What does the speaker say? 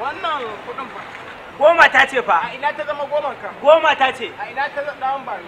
Wannan kuɗin fa. Goma ta ce fa. A ina ta zama ka? Goma ta ce. A ina ta zama ba